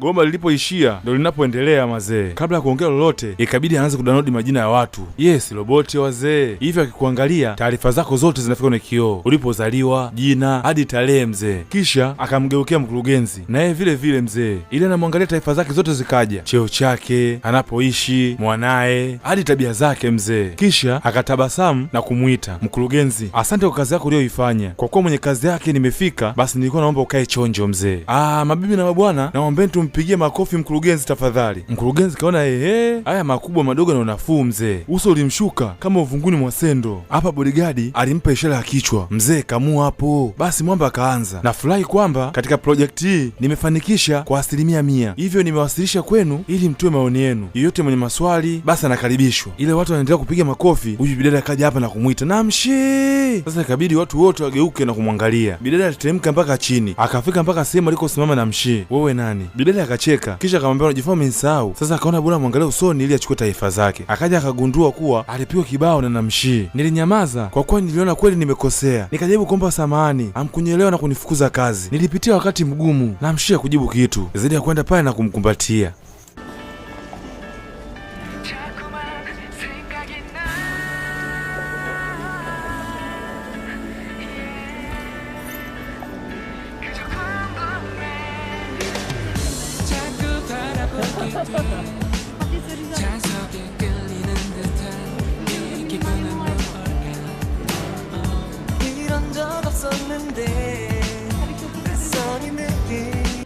Gomba lilipoishia ndo linapoendelea mazee. Kabla ya kuongea lolote, ikabidi aanze kudownload majina ya watu. Yes, roboti wazee, hivyo akikuangalia taarifa zako zote zinafika kwenye kioo, ulipozaliwa, jina hadi tarehe mzee. Kisha akamgeukia mkurugenzi, naye vile vile mzee, ili anamwangalia taarifa zake zote zikaja, cheo chake, anapoishi, mwanaye, hadi tabia zake mzee. Kisha akatabasamu na kumwita mkurugenzi, asante kwa kazi yako uliyoifanya. Kwa kuwa mwenye kazi yake nimefika, basi nilikuwa naomba ukae chonjo mzee. Ah, mabibi na mabwana, naombeni tu mpigie makofi mkurugenzi tafadhali. Mkurugenzi kaona ehe, haya makubwa madogo na unafuu mzee. Uso ulimshuka kama uvunguni mwa sendo. Hapa bodyguard alimpa ishara ya kichwa, mzee kamua hapo. Basi mwamba akaanza, nafurahi kwamba katika project hii nimefanikisha kwa asilimia mia, hivyo nimewasilisha kwenu ili mtoe maoni yenu. Yeyote mwenye maswali basi anakaribishwa. Ile watu wanaendelea kupiga makofi, huyu bidada akaja hapa na kumwita Namshi. Sasa ikabidi watu wote wageuke na kumwangalia bidada. Aliteremka mpaka chini akafika mpaka sehemu alikosimama Namshi. Wewe nani? Bidada Mandela akacheka, kisha akamwambia unajifua umenisahau. Sasa akaona bora mwangalie usoni ili achukue taifa zake. Akaja akagundua kuwa alipigwa kibao na Namshii. Nilinyamaza kwa kuwa niliona kweli nimekosea, nikajaribu kuomba samahani, amkunyelewa na kunifukuza kazi. Nilipitia wakati mgumu, Namshii hakujibu kitu zaidi ya kwenda pale na kumkumbatia. Ha ha ha!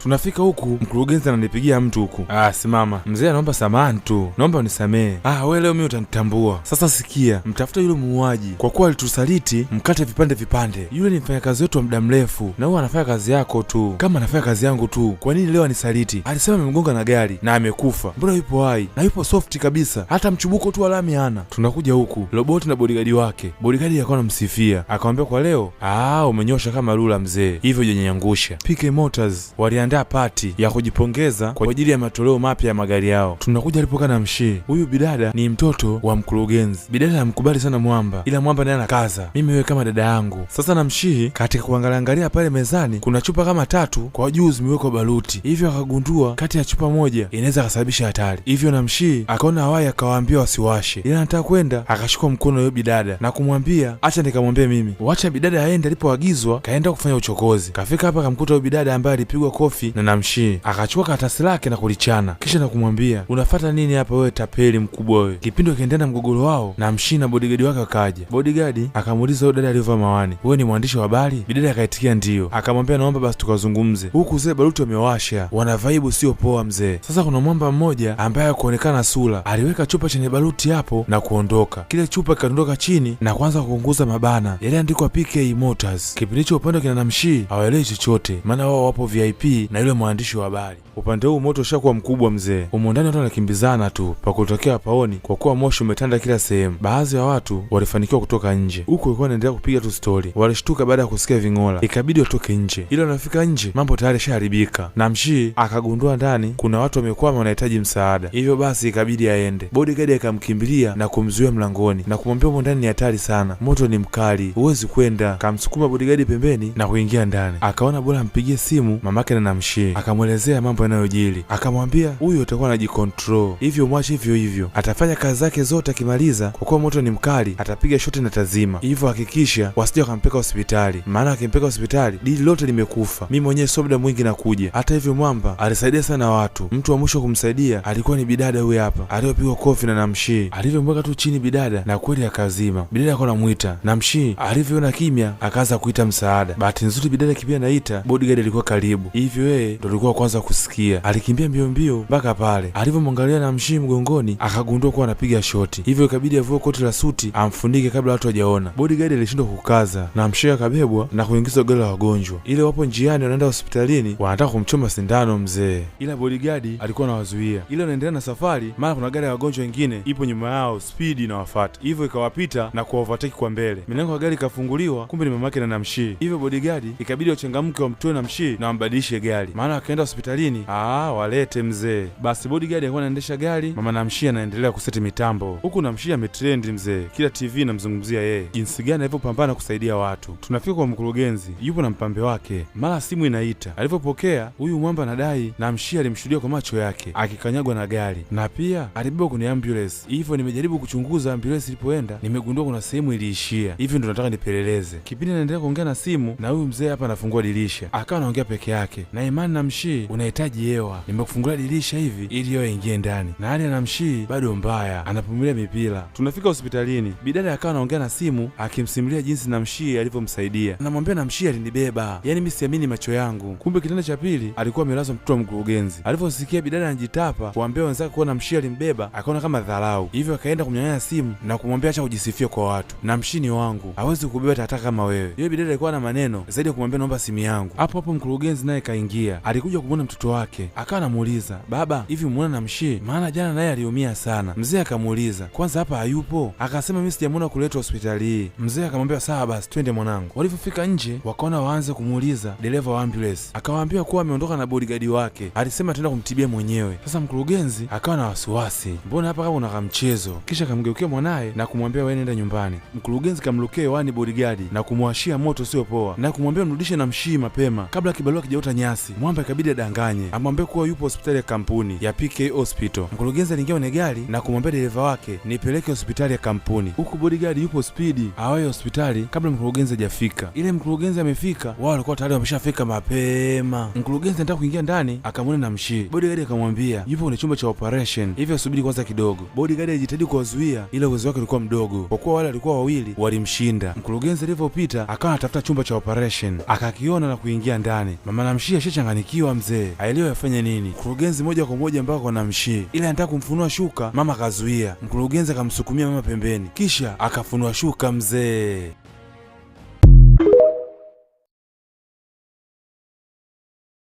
tunafika huku, mkurugenzi ananipigia mtu huku, ah, simama mzee, anaomba samani tu, naomba unisamehe. Ah, we leo mimi utanitambua sasa. Sikia, mtafuta yule muuaji, kwa kuwa alitusaliti, mkate vipande vipande. Yule ni mfanyakazi wetu wa muda mrefu, na huwa anafanya kazi yako tu kama anafanya kazi yangu tu. Kwa nini leo anisaliti? Alisema amemgonga na gari na amekufa. Mbona yupo hai na yupo soft kabisa, hata mchubuko tu alami hana. Tunakuja huku, roboti na bodigadi wake, bodigadi akawa anamsifia, akamwambia kwa leo, ah, umenyosha kama lula mzee, hivyo jenyenyangusha. PK Motors waliandaa waliandaa pati ya kujipongeza kwa ajili ya matoleo mapya ya magari yao. Tunakuja alipoka na mshii huyu bidada ni mtoto wa mkurugenzi. Bidada amkubali sana Mwamba, ila Mwamba naye anakaza, mimi wewe kama dada yangu. Sasa na mshii katika kuangalia pale mezani kuna chupa kama tatu kwa juu zimewekwa baruti, hivyo akagundua kati ya chupa moja inaweza akasababisha hatari, hivyo na mshii akaona hawai, akawaambia wasiwashe, ila anataka kwenda akashikwa mkono yule bidada na kumwambia acha nikamwambie mimi, wacha bidada aende. Alipoagizwa kaenda kufanya uchokozi, kafika hapa kamkuta yule bidada ambaye alipigwa kofi Kofi na Namshi akachukua karatasi lake na kulichana, kisha na kumwambia unafata nini hapa wewe tapeli mkubwa wewe. Kipindi wakiendelea na mgogoro wao, Namshi na bodigadi wake wakaja. Bodigadi akamuuliza huyo dada aliyovaa mawani, wewe ni mwandishi wa habari? Bidada akaitikia ndio. Akamwambia naomba basi tukazungumze huku, zee baruti wamewasha, wana vaibu sio poa mzee. Sasa kuna mwamba mmoja ambaye hakuonekana sura, aliweka chupa chenye baruti hapo na kuondoka. Kile chupa kikaondoka chini na kuanza kuunguza mabana yaliandikwa PK Motors. Kipindi hicho upande wa kina Namshi hawaelewi chochote, maana wao wapo VIP na yule mwandishi wa habari. Upande huu moto ushakuwa mkubwa mzee, humo ndani watu wanakimbizana tu, pakutokea paoni, kwa kuwa moshi umetanda kila sehemu. Baadhi ya watu walifanikiwa kutoka nje, huku ilikuwa inaendelea kupiga tu stori. Walishtuka baada ya kusikia ving'ola, ikabidi watoke nje. Ila wanafika nje, mambo tayari yashaharibika, na mshii akagundua ndani kuna watu wamekwama, wanahitaji msaada, hivyo basi ikabidi aende. Bodyguard akamkimbilia na kumzuia mlangoni na kumwambia humo ndani ni hatari sana, moto ni mkali, huwezi kwenda. Kamsukuma bodigadi pembeni na kuingia ndani, akaona bora ampigie simu mamake na akamsii, akamwelezea mambo yanayojili, akamwambia huyu utakuwa anajikontrol, hivyo mwache hivyo hivyo, atafanya kazi zake zote. Akimaliza, kwa kuwa moto ni mkali, atapiga shoti na tazima, hivyo hakikisha wasija wakampeka hospitali, maana akimpeka hospitali dili lote limekufa. Mi mwenyewe sio muda mwingi nakuja. Hata hivyo, mwamba alisaidia sana watu. Mtu wa mwisho kumsaidia alikuwa ni bidada huyu hapa, aliyopigwa kofi na Namshii. Alivyomweka tu chini bidada, na kweli akazima. Bidada akawa namwita Namshii, alivyoona kimya akaanza kuita msaada. Bahati nzuri bidada kipia naita bodigadi alikuwa karibu hivyo yeye ndo alikuwa kwanza kusikia. Alikimbia mbio mbio mpaka pale alivyomwangalia na mshii mgongoni, akagundua kuwa anapiga shoti, hivyo ikabidi avue koti la suti amfunike kabla watu wajaona. Bodyguard alishindwa kukaza na mshii akabebwa na kuingizwa gari la wagonjwa. Ile wapo njiani wanaenda hospitalini, wanataka kumchoma sindano mzee, ila bodyguard alikuwa anawazuia. Ile wanaendelea na safari, mara kuna gari ya wagonjwa wengine ipo nyuma yao spidi inawafata, hivyo ikawapita na kuwaovateki kwa mbele. Milango ya gari ikafunguliwa, kumbe ni mamake na Namshii, hivyo bodyguard ikabidi wachangamke wamtoe Namshii na wambadilishe gari gari, maana akaenda hospitalini ah, walete mzee. Basi bodyguard alikuwa anaendesha gari, mama Namshia anaendelea kuseti mitambo, huku Namshia ametrend mzee, kila TV namzungumzia yeye jinsi gani alivyopambana kusaidia watu. Tunafika kwa mkurugenzi, yupo na mpambe wake, mara simu inaita. Alivyopokea huyu mwamba anadai Namshia alimshuhudia kwa macho yake akikanyagwa na gari, na pia alibebwa kwenye ambulance. Hivyo nimejaribu kuchunguza ambulance ilipoenda, nimegundua kuna sehemu iliishia, hivyo ndo nataka nipeleleze. Kipindi anaendelea kuongea na simu, na huyu mzee hapa anafungua dirisha, akawa anaongea peke yake na Imani na Mshii unahitaji hewa, nimekufungulia dirisha hivi ili hewa ingie ndani, na hali na Mshii bado mbaya, anapumilia mipira. Tunafika hospitalini, bidada akawa anaongea na simu akimsimulia jinsi na Mshii alivyomsaidia. Anamwambia na Mshii alinibeba, yaani mimi siamini macho yangu. Kumbe kitanda cha pili alikuwa amelazwa mtoto wa mkurugenzi. Alivyosikia bidada anajitapa kuambia wenzake kuwa na Mshii alimbeba, akaona kama dharau, hivyo akaenda kumnyang'anya simu na kumwambia acha kujisifia kwa watu, na Mshii ni wangu, hawezi kubeba tataka kama wewe. Hiyo bidada alikuwa na maneno zaidi ya kumwambia naomba simu yangu. Hapo hapo mkurugenzi naye kaingia aliingia alikuja kumwona mtoto wake, akawa anamuuliza baba, hivi umeona Namshii? Maana jana naye aliumia sana. Mzee akamuuliza kwanza, hapa hayupo? Akasema mimi sijamwona kuletwa hospitali hii. Mzee akamwambia sawa basi, twende mwanangu. Walivyofika nje, wakaona waanze kumuuliza dereva wa ambulance, akawaambia kuwa ameondoka na bodigadi wake, alisema tenda kumtibia mwenyewe. Sasa mkurugenzi akawa na wasiwasi, mbona hapa kama unaka kamchezo Kisha akamgeukia mwanaye na kumwambia wewe, nyumbani. Mkurugenzi kamlukia hewani bodigadi na kumwashia moto sio na kumwambia mrudishe mshii mapema kabla kibarua kijauta nyasi basi Mwamba ikabidi adanganye amwambie kuwa yupo hospitali ya kampuni ya PK Hospital. Mkurugenzi aliingia kwenye gari na kumwambia dereva wake, nipeleke hospitali ya kampuni, huku bodyguard yupo spidi awaye hospitali kabla mkurugenzi hajafika. Ile mkurugenzi amefika, wao walikuwa tayari wameshafika mapema. Mkurugenzi anataka kuingia ndani, akamwona na mshii. Bodyguard akamwambia yupo kwenye chumba cha operation, hivyo subiri kwanza kidogo. Bodyguard alijitahidi kuwazuia, ila uwezo wake ulikuwa mdogo, kwa kuwa wale walikuwa wawili walimshinda. Mkurugenzi alivyopita, akawa anatafuta chumba cha operation, akakiona na kuingia ndani. Mama namshii ameshachanganikiwa mzee, aelewe afanye nini. Mkurugenzi moja kwa moja mpaka kwa Namshii, ili anataka kumfunua shuka, mama akazuia. Mkurugenzi akamsukumia mama pembeni, kisha akafunua shuka mzee.